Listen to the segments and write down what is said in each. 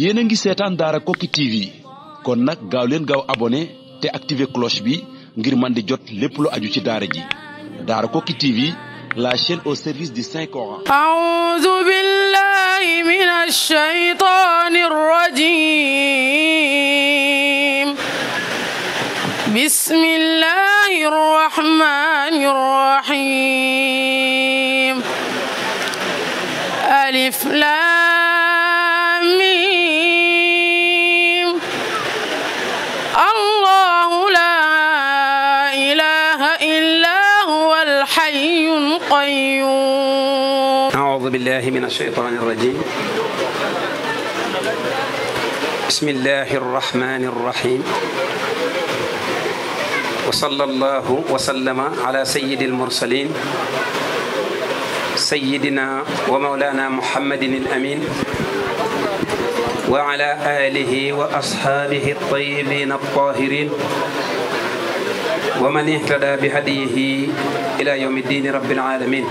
yéen a ngi seetaan daara Koki TV kon nag gaaw gaaw abonné te activé cloche bi ngir man di jot lépp lu aju ci daara ji daara Koki TV la chaîne au service du Saint Coran. A'uuzu billahi minash shaytaanir rajiim. Bismillahir بالله من الشيطان الرجيم بسم الله الرحمن الرحيم وصلى الله وسلم على سيد المرسلين سيدنا ومولانا محمد الأمين وعلى آله وأصحابه الطيبين الطاهرين ومن اهتدى بهديه إلى يوم الدين رب العالمين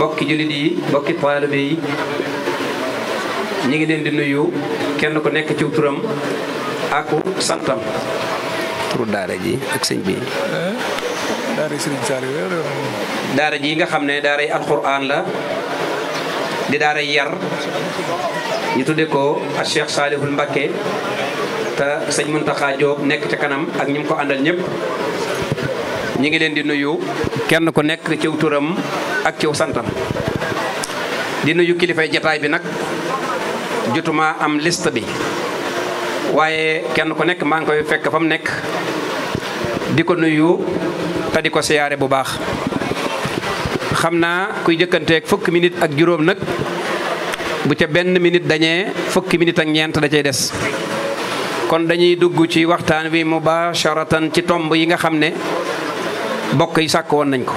bokki jullit yi bokki taalibe yi ñi ngi leen di nuyu kenn ku nekk ci turam aku santam. pour daara ji ak sëñ bi. daara sëñ ji nga xam ne daara yi alxuraan la di daara yar ñu tudde ko ak Cheikh Salihul te sëñ Mountakha Diop nekk ca kanam ak ñi ko àndal ñëpp. ñi ngi leen di nuyu kenn ku nekk ciw turam ak ciw santam di nuyu kilifay jataay bi nag jotuma am liste bi waaye kenn ku nekk maa ngi koy fekk fa mu nekk di ko nuyu te di ko siyaare bu baax xam naa kuy jëkkanteeg fukki minute ak juróom nag bu ca benn minute dañee fukki minute ak ñeent da cay des kon dañuy dugg ci waxtaan wi mubasharatan ci tomb yi nga xam ne bokk yi sàkk woon nañ ko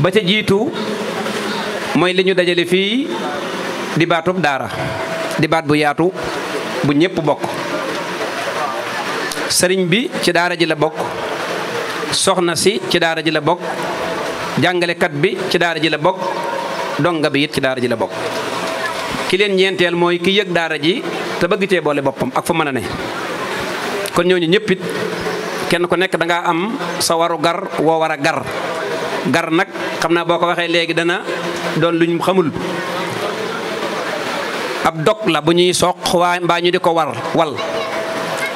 ba ca jiitu mooy li ñu dajale fii di baatub daara di baat bu yaatu bu ñépp bokk sëriñ bi ci daara ji la bokk soxna si ci daara ji la bokk jàngalekat bi ci daara ji la bokk donga bi it ci daara ji la bokk ki leen ñeenteel mooy ki yëg daara ji te bëgg cee boole boppam ak fa mën a ne kon ñooñu ñëpp kenn ku nekk da ngaa am sa waru gar woo war a gar gar nag xam naa boo ko waxee léegi dana doon luñ xamul ab dog la bu ñuy soq waa mbaa ñu di ko war wal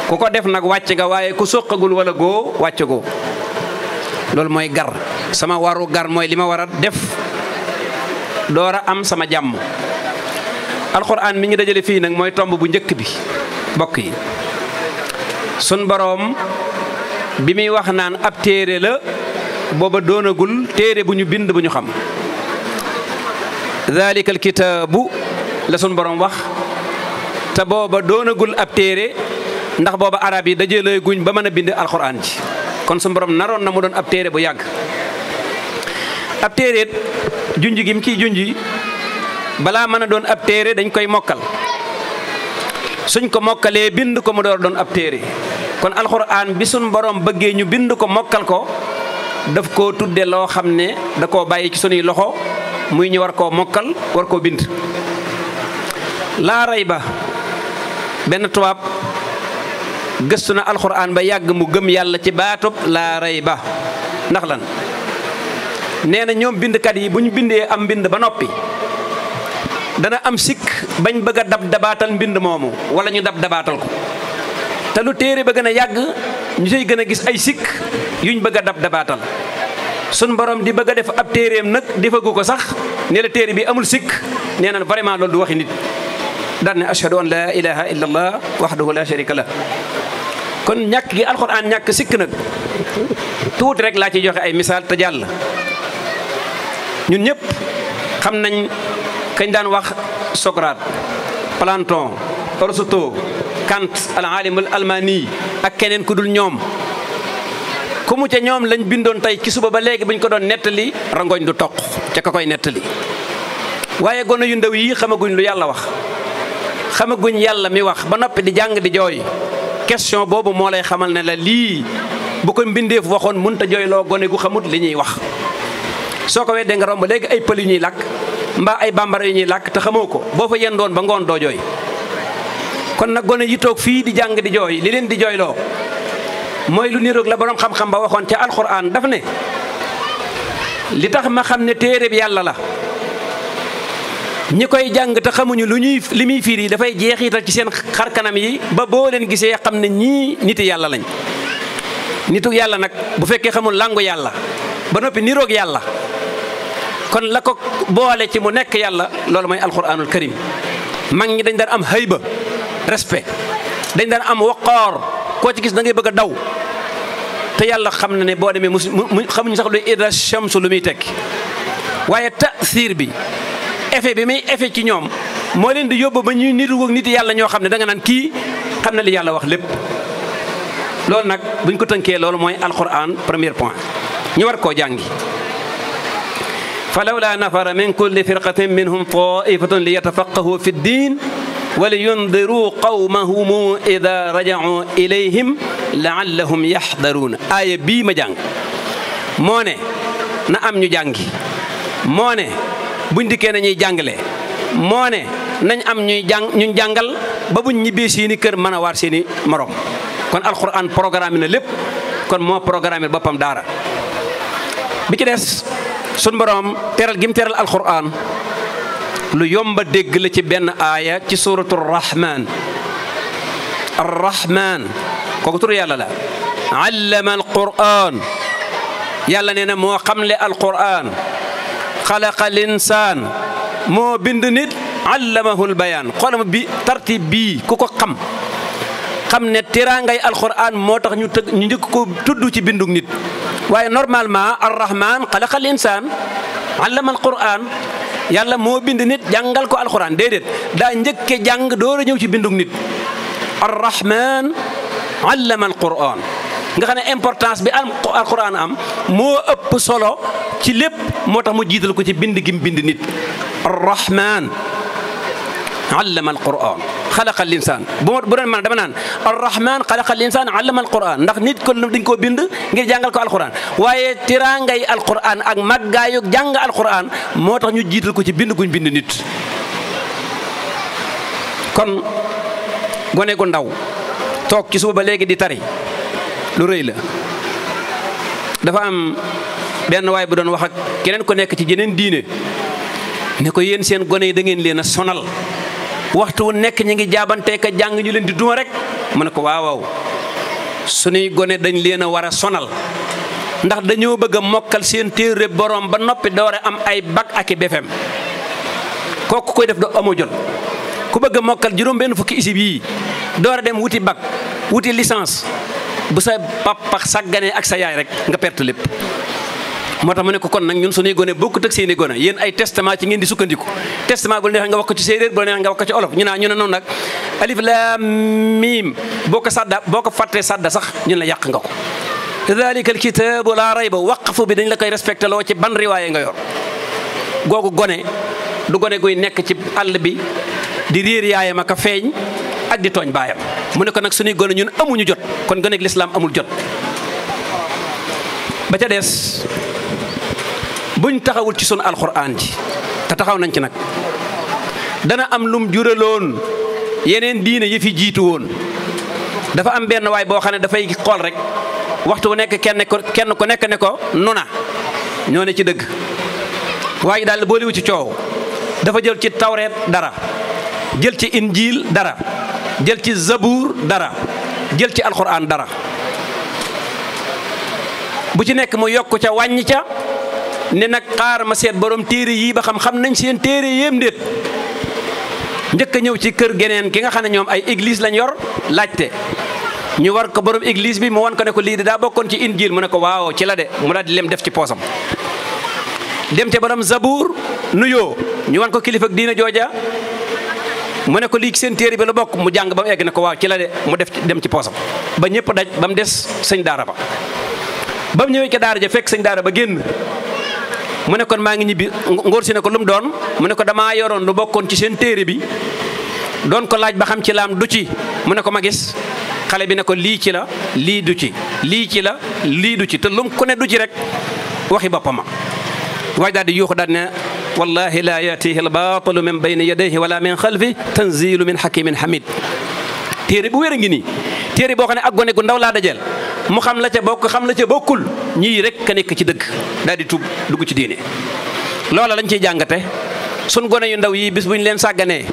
ku ko def nag wàcc nga waaye ku soqagul wala goo wàcc goo loolu mooy gar sama waru gar mooy li ma war a def door a am sama jàmm alxuraan mi ngi dajale fii nag mooy tomb bu njëkk bi bokk yi sun boroom bi muy wax naan ab téere la booba doonagul téere bu ñu bind bu ñu xam dhalika alkitaabu la sun borom wax te booba doonagul ab téere ndax booba arab yi dajalee guñ ba mën a bind alquran ji kon su borom naroon na mu doon ab téere bu yàgg ab téere junj gi mu ciy junj balaa mën a doon ab téere dañ koy mokkal suñ ko mokkalee bind ko mu door doon ab téere kon alxuraan bi suñ borom bëggee ñu bind ko mokkal ko daf ko tudde loo xam ne da koo bàyyi ci sunuy loxo muy ñu war koo mokkal war koo bind laa rey ba benn tubaab gëstu na alxuraan ba yàgg mu gëm yàlla ci baatub laa rey ba ndax lan nee na ñoom bindkat yi bu ñu bindee am mbind ba noppi dana am sikk bañ bëgg a dab dabaatal mbind moomu wala ñu dab dabaatal ko te lu téere ba gën a yàgg ñu sey gën a gis ay sikk yuñ bëgg a dab dabaatal sun borom di bëgg a def ab téereem nag defagu ko sax ne la téere bi amul sikk nee na vraiment loolu du waxi nit daan ne ashhadu an laa ilaha illa allah wahdahu la sharika la kon ñàkk gi alxuraan ñàkk sikk nag tuuti rek laa ciy joxe ay misaal te jàll ñun ñëpp xam nañ kañ daan wax Socrate Platon Aristote Kant al alimul almaani ak keneen ku dul ñoom ku mu ca ñoom lañ bindoon tey ci suba ba léegi buñ ko doon nettali rangoñ du toq ca ka koy nettali waaye gone yu ndaw yi xamaguñ lu yàlla wax xamaguñ yàlla mi wax ba noppi di jàng di jooy question boobu moo lay xamal ne la lii bu ko mbindeef waxoon mënut a jooyloo gone gu xamut li ñuy wax soo ko weddee nga romb léegi ay pël yu ñuy làkk mbaa ay bambara yu ñuy làkk te xamoo ko boo fa yendoon ba ngoon doo kon nag gone yi toog fii di jàng di jooy li leen di jooyloo mooy lu niroog la borom xam-xam ba waxoon ca alxuraan dafa ne li tax ma xam ne téere bi yàlla la ñi koy jàng te xamuñu lu ñuy li muy firi dafay jeexital ci seen xar kanam yi ba boo leen gisee xam ne ñii niti yàlla lañ nitu yàlla nag bu fekkee xamul làngu yàlla ba noppi niroog yàlla kon la ko boole ci mu nekk yàlla loolu mooy alxuraanul karim mag ñi dañ daan am hayba respect dañ daan am waqoor koo ci gis da ngay bëgg a daw te yàlla xam na ne boo demee mu mu xamuñu sax luy ida shams lu muy tekki waaye tasir bi effet bi muy effet ci ñoom moo leen di yóbbu ba ñuy niru ak nit yàlla ñoo xam ne danga nga naan kii xam na li yàlla wax lépp loolu nag buñ ko tënkee loolu mooy alquran premier point ñu war koo jàngi fa lawla nafara min kulli firqatin minhum taifatun li yatafaqahu fi ddin ولينذروا قومهم إذا رجعوا إليهم لعلهم يحذرون aaya bii ma jàng moo ne na am ñu jàngi moo ne buñ dikkee nañuy jàngale moo ne nañ am ñuy jàng ñun jàngal ba buñ ñibbee seeni kër mën a waar seeni morom kon alxuraan programme na lépp kon moo programme boppam daara bi ci des sun borom teral gim teral alxuraan lu yomba dégg la ci benn aaya ci suuratu rahmaan arrahmaan kooku tur yàlla la allama alquran yàlla nee na moo xamle alquran xalaqa linsaan moo bind nit allamahul bayaan xoolam bi tartib ku ko xam xam ne teraangay alquran moo tax ñu tëgg ñu njëkk ko tudd ci bindug nit waaye normalement arrahman xalaqa al insaan allama al quran yàlla moo bind nit jàngal ko alquran déedéet daa njëkke jàng door ñëw ci bindug nit arrahman allama al nga xam ne importance bi alquran am moo ëpp solo ci lépp moo tax mu jiital ko ci bind gim bind nit arrahman allama alquran xalaqa al insaan bu bu doon mën dama naan arrahman xalaqa al insaan allama alquran ndax nit ko dañ koo bind ngir jàngal ko alquran waaye tiraangay alquran ak màggaayug jàng alquran moo tax ñu jiital ko ci bind guñ bind nit kon gone gu ndaw toog ci suba ba léegi di tari lu rëy la dafa am benn waay bu doon wax ak keneen ku nekk ci jeneen diine ne ko yéen seen gone yi da ngeen leen a sonal waxtu nekk ñu ngi jaabante ka jàng ñu leen di duma rek mu ne ko waaw waaw suñuy gone dañ leen a war a sonal ndax dañoo bëgg a mokkal seen téere borom ba noppi doore am ay bac ak i BFEM kooku koy def do amoo jot ku bëgg a mokkal juróom-benn fukki isib yii doore dem wuti bag wuti licence bu sa papa sàgganee ak sa yaay rek nga perte lépp. moo tax mu ne ko kon nag ñun sunuy gone bokkut ak seeni gone yéen ay testament ci ngeen di sukkandiku testament bu la neexee nga wax ko ci séeréer bu la nga wax ko ci olof ñu naa ah ñu ne noonu nag alif boo ko sadda boo ko fàttee sadda sax ñun la yàq nga ko dalika alkitaabu laa rayba waqfu bi dañ la koy respecté loo ci ban riwaaye nga yor googu gone du gone guy nekk ci àll bi di réer yaayam ak a feeñ ak di tooñ baayam mu ne ko nag sunuy gone ñun amuñu jot kon gone ak lislaam amul jot ba ca des buñ taxawul ci sunu alxuraan ji te taxaw nañ ci nag dana am lum juraloon yeneen diine yi fi jiitu woon dafa am benn waay boo xam ne dafay xool rek waxtu bu nekk kenn ku nekk ne ko nu ñoo ne ci dëgg waaye daal booliwu ci coow dafa jël ci tawreet dara jël ci injiil dara jël ci zabuur dara jël ci alxuraan dara bu ci nekk mu yokk ca wàññi ca ne nag xaar ma seet borom téere yii ba xam xam nañ seen téere yéem déet njëkk a ñëw ci kër geneen ki nga xam ne ñoom ay église lañ yor laajte ñu war ko borom église bi mu wan ko ne lii de daa bokkoon ci injil mu ne ko waaw ci la de mu daal di lem def ci poosam dem ca borom zabuur nuyoo ñu wan ko kilifa ak diina jooja mu ne lii seen téere bi la bokk mu jàng ba egg ne ko waaw ci la mu def dem ci poosam ba ñëpp daj ba mu des sëñ daara ba ba mu ñëwee ca daara ja fekk sëñ daara ba génn mu ne kon maa ngi ñibbi ngóor si ne ko lu mu doon mu ne ko damaa yoroon lu bokkoon ci seen téere bi doon ko laaj ba xam ci laam du ci mu ne ko ma gis xale bi ne ko lii ci la lii du ci lii ci la lii du ci te lum ku ne du ci rek waxi boppam waaj daal di yuuxu daal ne wallahi laa yatihi albaatilu min bayni yadayhi wala min xalfi tanzilu min hakimin hamid téere bu wér a ngi ni téere boo xam ne ak gone gu ndaw laa dajeel mu xam la ca bokk xam la ca bokkul ñii rek ka nekk ci dëgg daal di tuub dugg ci diine loola lañ ciy jàngate sun gone yu ndaw yii bés bu ñu leen sàgganee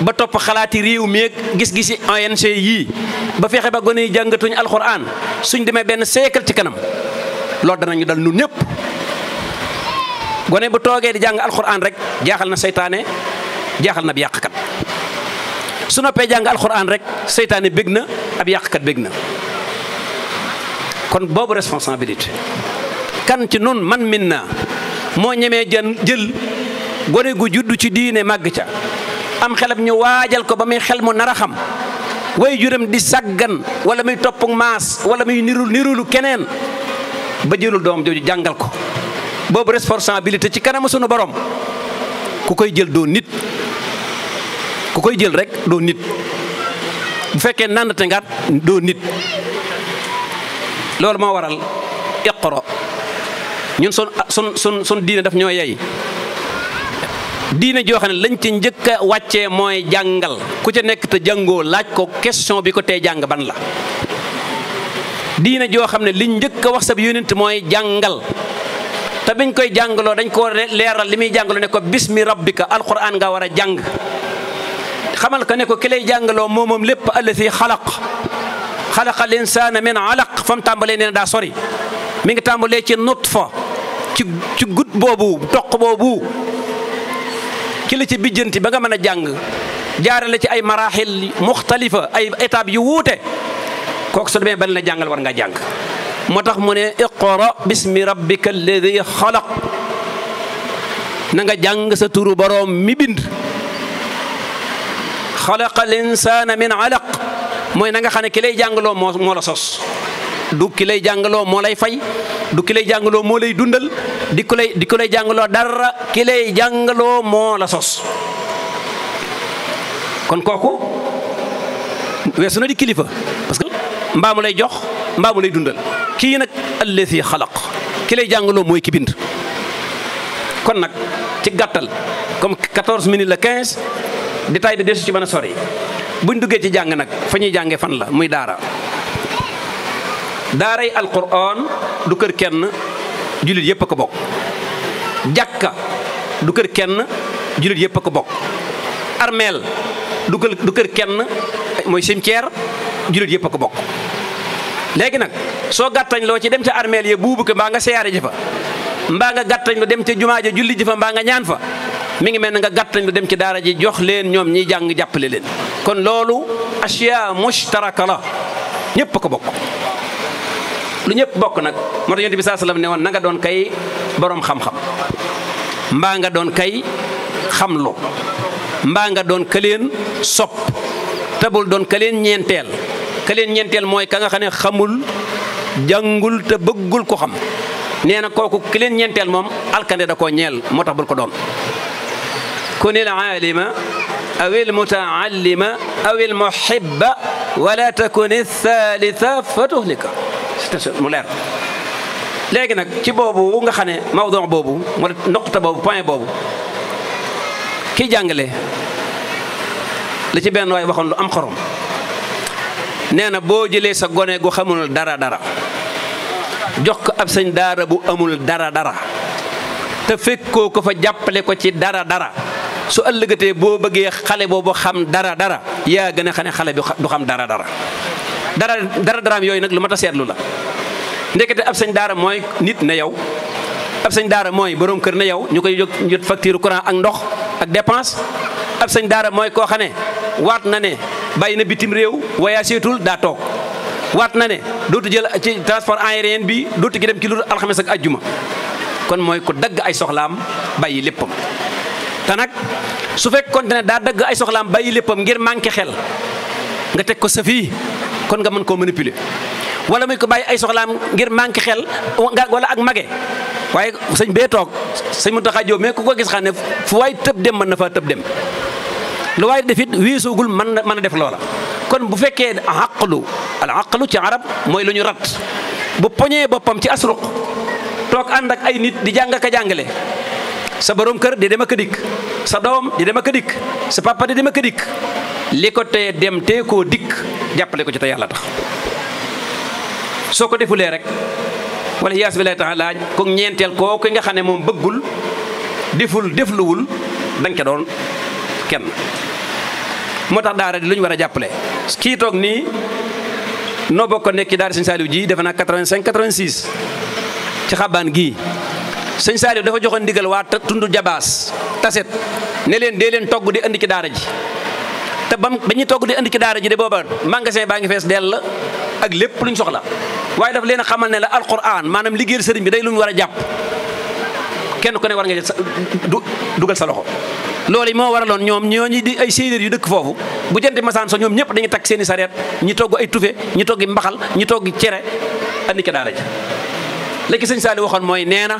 ba topp xalaati réew mi gis gis-gisi ONG yii ba fexe ba gone yi jàngatuñu alxuraan suñ demee benn siècle ci kanam loolu danañu dal nun ñëpp gone bu toogee di jàng alxuraan rek jaaxal na seytaane jaaxal na bi yàqkat su noppee jàng alxuraan rek seytaane bég na ab yàqkat bég na kon boobu responsabilité kan ci nun man min naa moo ñemee jën jël gone gu judd ci diine màgg ca am xelam ñu waajal ko ba muy xel mu nar a xam way juram di saggan wala muy topp maas wala muy nirul nirulu keneen ba jëlul doom jooju jàngal ko boobu responsabilité ci kanamu sunu borom ku koy jël doo nit ku koy jël rek doo nit bu fekkee nàndate ngaat doo nit loolu moo waral iqro ñun sun sun sun sun diine daf ñoo yey diine joo xam ne lañ ci njëkk a mooy jàngal ku ca nekk te jàngoo laaj ko question bi ko tee jàng ban la diine joo xam ne liñ njëkk a wax sab yonent mooy jàngal te biñ koy jàngaloo dañ koo leeral li muy jàngaloo ne ko bismi rabbika alquran nga war a jàng xamal ko ne ko ki lay jàngaloo moomoom lépp allati xalaq xalaqal insaana min alaq fa mu tàmbalee nee daa sori mi ngi tàmbalee ci nutfa ci ci gut boobu toq boobu ki ci bijjanti ba nga mën a jàng jaarale ci ay maraxil muxtalifa ay étapes yu wuute kooku su demee bal na jàngal war nga jàng moo tax mu ne iqra bismi rabbika alladi xalaq na nga jàng sa tuuru borom mi bind xalaqa al min alaq mooy na nga xam ne ki jàngaloo moo moo la sos du ki lay jàngaloo moo lay fay du ki lay jàngaloo moo lay dundal di ko lay di ko lay jàngaloo dara ki lay jàngaloo moo la sos kon kooku weesu na di kilifa parce que mbaamu lay jox mbaamu lay dundal kii nag allazi xalaq ki lay jàngaloo mooy ki bind kon nag ci gàttal comme 14 minutes la 15 détail de desu ci mën a sori buñ duggee ci jàng nag fa ñuy jàngee fan la muy daara daaray alquran du kër kenn jullit yëpp a ko bokk jàkka du kër kenn jullit yëpp a ko bokk armeel du kër du kër kenn mooy cimetière jullit yëpp a ko bokk léegi nag soo gàttañ loo ci dem ca armeel ya buubu ko mbaa nga seyaare ji fa mbaa nga gàttañ lu dem ca jumaa ja julli ji mbaa nga ñaan fa mi ngi mel ne nga gàttañ lu dem ci daara ji jox leen ñoom ñiy jàng jàppale leen kon loolu asiya mushtaraka la ñëpp ko bokk lu ñëpp bokk nag moo tax yonent bi saa ne woon nanga doon kay boroom xam-xam mbaa nga doon kay xam lu mbaa nga doon këleen sopp tabul doon këleen ñeenteel këleen ñeenteel mooy ka nga xam ne xamul jàngul te bëggul ko xam nee na kooku këleen ñeenteel moom alkande da ko ñeel moo tax bul ko doon kun al-aalima aw al-mutaallima aw al-muhibba wala takun ath-thalitha fa tuhlika mu leer léegi nag ci boobu nga xam ne boobu mu boobu point boobu ki jàngale la ci benn waay waxoon lu am xorom nee na boo jëlee sa gone gu xamul dara dara jox ko ab sëñ daara bu amul dara dara te fekkoo ko fa jàppale ko ci dara dara su ëllëgatee boo bëggee xale boobu xam dara dara yaa gën a xam ne xale bi du xam dara dara dara dara daraam yooyu nag lu mat a seetlu la ndekete ab sëñ daara mooy nit na yow ab sëñ daara mooy borom kër na yow ñu koy jot facture courant ak ndox ak dépense ab sëñ daara mooy koo xane waat na ne bàyyi na bitim réew waaye seetul daa toog waat na ne dootu jël ci transport aérien bi dootu gi dem ci lu alxames ak ajjuma kon mooy ku dagg ay soxlaam bàyyi léppam te nag su fekkoon ne daa dëgg ay soxlaam bàyyi léppam ngir manqué xel nga teg ko sa fii kon nga mën koo manipuler wala muy ko bàyyi ay soxlaam ngir manqué xel wala ak mage waaye sëñ bee toog sëñ Mountakha Diop mais ku ko gis xam ne fu waay tëb dem mën na faa tëb dem lu waay defit wiisuugul mën na mën a def loola kon bu fekkee aqlu al aqlu ci arab mooy lu ñu rat bu poñee boppam ci asruq toog ànd ak ay nit di jàng ka jàngale sa borom kër di dem ak dikk sa doom di dem a dikk sa papa di dem ak dikk li ko tee dem te koo dikk jàppale ko ci te yàlla tax soo ko defulee rek wala yaas bi lay tax laaj ko ñeenteel koo ki nga xam ne moom bëggul deful defluwul danga ca doon kenn moo tax daara di lu war a jàppale kii toog nii noo bokk nekk ci daara Sëñ Saaliw ji defe naa 85 86 ci xabaan gii sëñ Saliou dafa joxoon ndigal waa tund jabaas taset ne leen dee leen togg di andi ci daara ji te bam ba ñuy togg di andi ci daara ji de booba magasin baa ngi fees dell la ak lépp luñ soxla waaye daf leen a xamal ne la alquran maanaam liggéeyal sëriñ bi day lu ñu war a jàpp kenn ku ne war nga jël sa dugal sa loxo loolu yi moo waraloon ñoom ñooñu di ay séeréer yu dëkk foofu bu jënti masaan so ñoom ñëpp dañu takk seeni sareet ñi togg ay tufe ñi toggi mbaxal ñi toggi cere andi ci daara ji léegi sëñ Saliou mooy nee na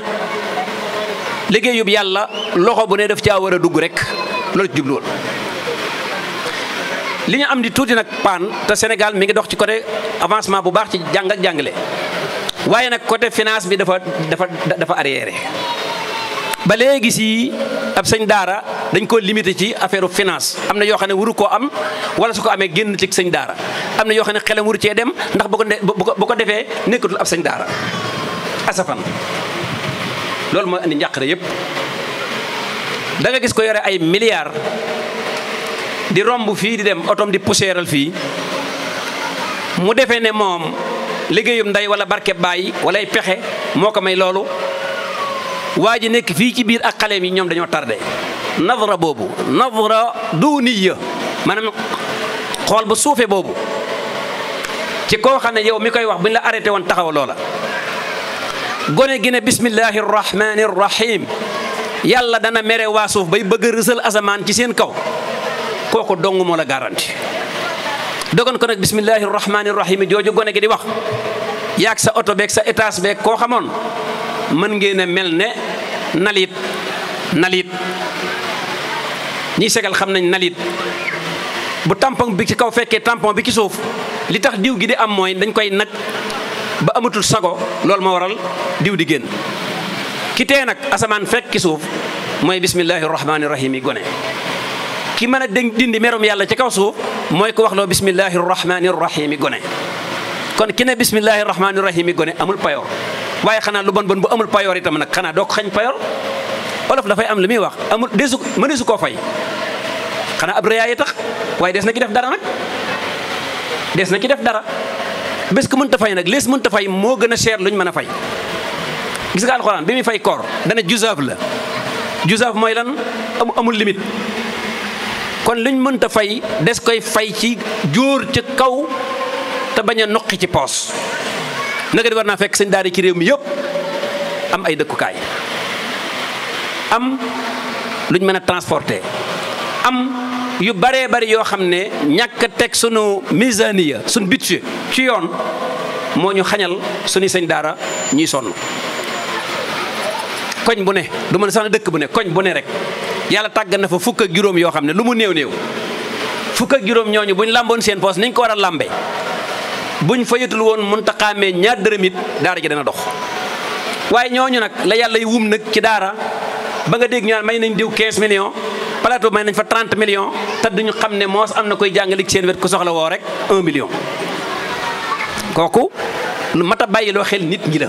yoobu yàlla loxo bu ne daf caa war a dugg rek loolu ci li ñu am di tuuti nag paan te Sénégal mi ngi dox ci côté avancement bu baax ci jàng ak jàngale waaye nag côté finance bi dafa dafa dafa arriéré ba léegi si ab sëñ daara dañ koo limité ci affaire finance am na yoo xam ne waru koo am wala su ko amee génn ci sëñ daara am na yoo xam ne xelam waru cee dem ndax bu ko bu ko defee nekkatul ab sañ daara asafan loolu mooy andi njàqare yëpp da nga gis ko yore ay milliards di romb fii di dem otom di poussiéral fii mu defee ne moom liggéeyum ndey wala barke bàyyi wala ay pexe moo ko may loolu waa ji nekk fii ci biir ak xaleem yi ñoom dañoo tardé navra boobu navra duniya maanaam xool bu suufee boobu ci koo xam ne yow mi koy wax bu ñu la arrêté woon taxaw loola gone gi ne bismillahi rahmani rahim yàlla dana mere waa suuf bay bëgg a rësal asamaan ci seen kaw kooku dong moo la garanti dogon ko nag bismillahi rahmani rahim jooju gone gi di wax yaag sa oto beeg sa étage beeg koo xamoon mën ngeen a mel ne nalit nalit ñi segal xam nañ nalit bu tampon bi ci kaw fekkee tampon bi ci suuf li tax diw gi di am mooy dañ koy nag ba amatul sago loolu moo waral diw di génn ki tee nag asamaan fekk ki suuf mooy bismillahi rahmaani rahim yi gone ki mën a dindi merum yàlla ci kaw suuf mooy ko wax loo bismillahi rahmaani rahim yi gone kon ki ne bismillahi rahmaani rahim yi gone amul payoor waaye xanaa lu bon bon bu amul payoor itam nag xanaa doo ko xañ payoor olof dafay am lu muy wax amul desu mëneesu koo fay xanaa ab rëyaay tax waaye des na ki def dara nag des na ki def dara bés ku mënta fay nag lees mënta fay moo gën a cher luñ mën a fay gis nga alxuraan bi muy fay koor dana jusaaf la jusaaf mooy lan amul limite kon luñ mënta fay des koy fay ci jóor ca kaw te bañ a noqi ci poos naka di war naa fekk seen daara ci réew mi yëpp am ay dëkkukaay am luñ mën a transporter yu baree bari yoo xam ne ñàkk teg suñu sunu misaniya suñu budget ci yoon moo ñu xañal sunu sëñ daara ñuy sonn koñ bu ne du ma ne sax na dëkk bu ne koñ bu ne rek yàlla tàggat na fa fukk juróom yoo xam ne lu mu néew néew fukk ak juróom ñooñu buñ làmboon seen poos niñ ko war a làmbe buñ fayatul woon mun taxaamee ñaar dërëm it daara ji dana dox waaye ñooñu nag la yàlla yi wum nag ci daara ba nga dégg ñu naan may nañ diw 15 millions plateau may nañ fa 30 millions te duñu xam ne moos am na koy jàngale ci seen wet ku soxla woo rek 1 million. kooku lu mat a bàyyiloo xel nit ñi la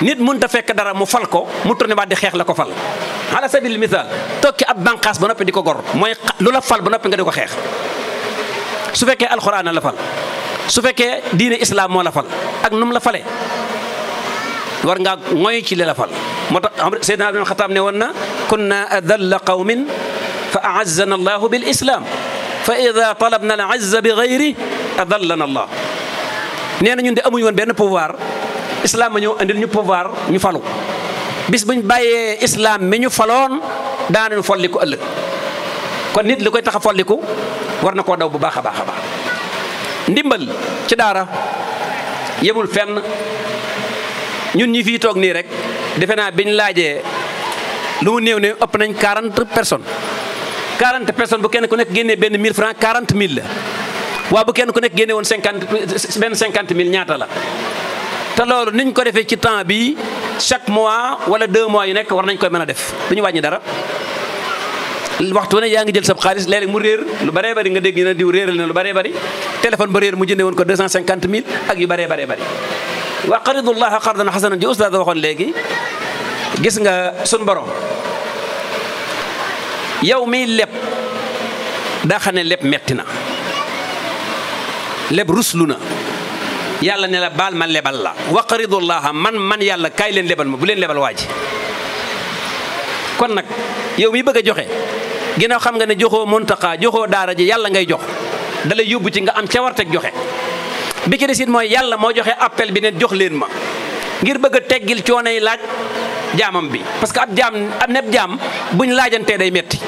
nit mun ta fekk dara mu fal ko mu tourné waat di xeex la ko fal. ala sabil misaal tokki ab bànqaas ba noppi di ko gor mooy lu la fal ba noppi nga di ko xeex su fekkee alxuraana la fal su fekkee diine islam moo la fal ak num la fale war ngaa mooy ci li fal moo tax xam Seydina Ibn ne woon na kunna adalla qawmin fa a'azzana allahu bil islam fa ida talabna al azza bi gayri allah nee na ñun de amuñu woon benn pouvoir islam ma ñëw andil ñu pouvoir ñu falu bis buñ bàyyee islam mi ñu faloon daanañu folliku ëllëg kon nit li koy tax folliku war na koo daw bu baax a baax a baax ndimbal ci daara yemul fenn ñun ñi fii toog nii rek defe naa biñ laajee lu mu néew ne ëpp nañ 40 personnes 40 personnes bu kenn ku nekk génnee benn 1000 francs quarante mille la waaw bu kenn ku nekk génne woon 50 benn 50 000 ñaata la. te loolu niñ ko defee ci temps bi chaque mois wala deux mois yu nekk war nañ koy mën a def ñu wàññi dara waxtu ne yaa ngi jël sab xaalis léeg mu réer lu baree bari nga dégg na diw réeral na lu baree bari téléphone ba réer mu jëndee woon ko 250 000 ak yu baree baree wa qaridullaha qardan xasanan ji ustaas waxoon léegi gis nga sun borom yow miy leb daa xam ne leb metti na leb ruslu na yàlla ne la baal ma lebal la wax wa qaridullaha man man yàlla kaay leen lebal ma bu leen lebal waa ji kon nag yow miy bëgg joxe ginnaaw xam nga ne joxoo montaqa joxoo daara ji yàlla ngay jox dalay yóbbu ci nga am cawarte joxe bi ci desit mooy yàlla moo joxe appel bi neen jox leen ma ngir bëgg a teggil coono yi laaj jaamam bi parce que ab jaam ab nepp jaam buñ laajantee day metti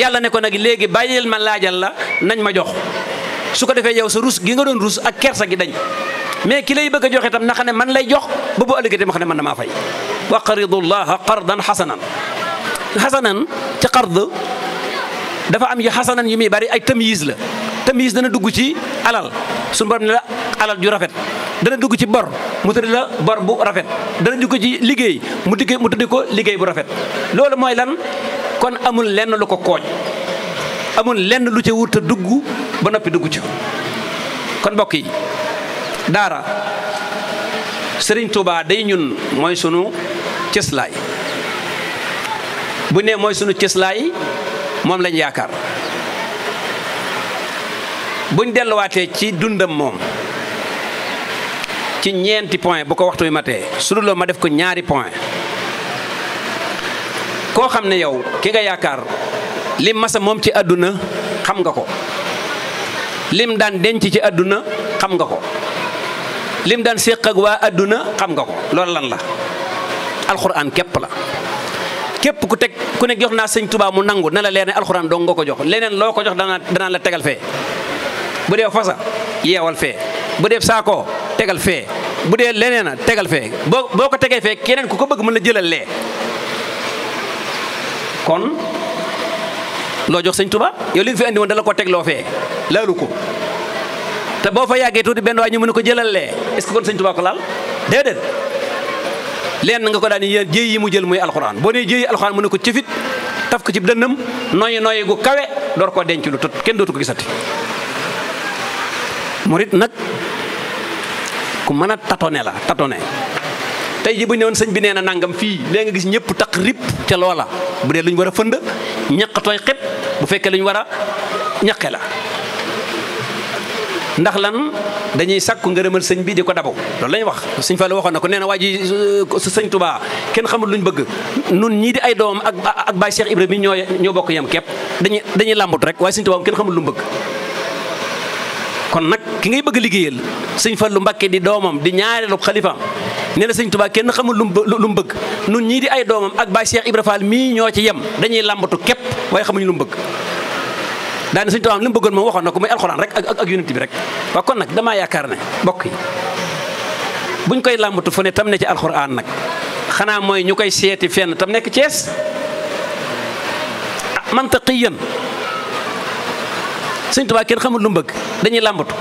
yàlla ne ko nag léegi bàyyil ma laajal la nañ ma jox su ko defee yow sa rus gi nga doon rus ak kersa gi dañ mais ki lay bëgg joxe tam na xam ne man lay jox ba bu ëllëgee ma xam ne man maa fay wa qaridu llaha qardan xasanan xasanan ci qard dafa am yi xasanan yu muy bari ay tamyiz la tamis dana dugg ci alal su borom ne la alal ju rafet dana dugg ci bor mu tëdd la bor bu rafet dana dugg ci liggéey mu digg mu tëdd ko liggéey bu rafet loolu mooy lan kon amul lenn lu ko kooj amul lenn lu ca wurta dugg ba noppi dugg ci kon mbokk yi daara sëriñ Touba day ñun mooy sunu cëslaay bu ne mooy sunu cëslaay moom lañ yaakaar buñ delluwaatee ci dundam moom ci ñeenti point bu ko waxtu bi matee su dul ma def ko ñaari point koo xam ne yow ki nga yaakaar lim masa moom ci àdduna xam nga ko lim daan denc ci àdduna xam nga ko lim daan séq ak waa àdduna xam nga ko loolu lan la alxuraan képp la képp ku teg ku ne jox naa sëñ Tuubaa mu nangu na la leer ne alxuraan dong nga ko jox leneen loo ko jox dana danaa la tegal fee bu dee fasa yeewal fee bu dee saakoo tegal fee bu dee leneen a tegal fee boo boo ko tegee fee keneen ku ko bëgg mën la jëlal lee kon loo jox sañ Tuba yow li fi andi woon dala ko tegloo fee laalu ko te boo fa yàggee tuuti benn waay ñu mën ko jëlal lee est-ce kon sëñ Tuba laal déedéet leen nga ko daan ni yéen yi mu jël muy alxuraan boo nee jéy yi alxuraan mu ne ko cëfit taf ko ci dënnam nooyi nooyi gu kawe door koo denc lu tut kenn dootu ko gisati murit nag ku mën a tatone la tatone tey ji bu ñëwoon sëñ bi nee na nangam fii léegi nga gis ñëpp taq rip ca loola bu dee lu ñu war a fënd ñaqatooy xëpp bu fekkee lu ñu war a ñaqe la ndax lan dañuy sàkku ngërëmal sëñ bi di ko dabaw loolu lañuy wax sëñ Fallu waxoon na ko nee na waa ji sëñ tubaa kenn xamul luñ bëgg nun ñii di ay doom ak ak Baay Cheikh Ibrahima ñoo ñoo bokk yem kepp dañuy dañuy làmbut rek waaye sëñ Touba kenn xamul lu mu bëgg kon nag ki ngay bëgg a liggéeyal sëñ lu Mbàkke di doomam di ñaareelu xalifaam ne la sëñ Tuubaa kenn xamul lu mu bëgg nun ñii di ay doomam ak Baay Cheikh Ibra Fall mii ñoo ci yem dañuy làmbatu képp waaye xamuñu lu mu bëgg daane sëñ Tuubaa li mu moom waxoon na ko muy alxuraan rek ak ak yonent bi rek waaw kon nag damaa yaakaar ne bokk yi buñ koy làmbatu fu ne tam ne ci alxuraan nag xanaa mooy ñu koy seeti fenn tam nekk Cees ah, mantaqiyan sëñ tubaa kenn xamul lu mbëgg dañuy làmbatu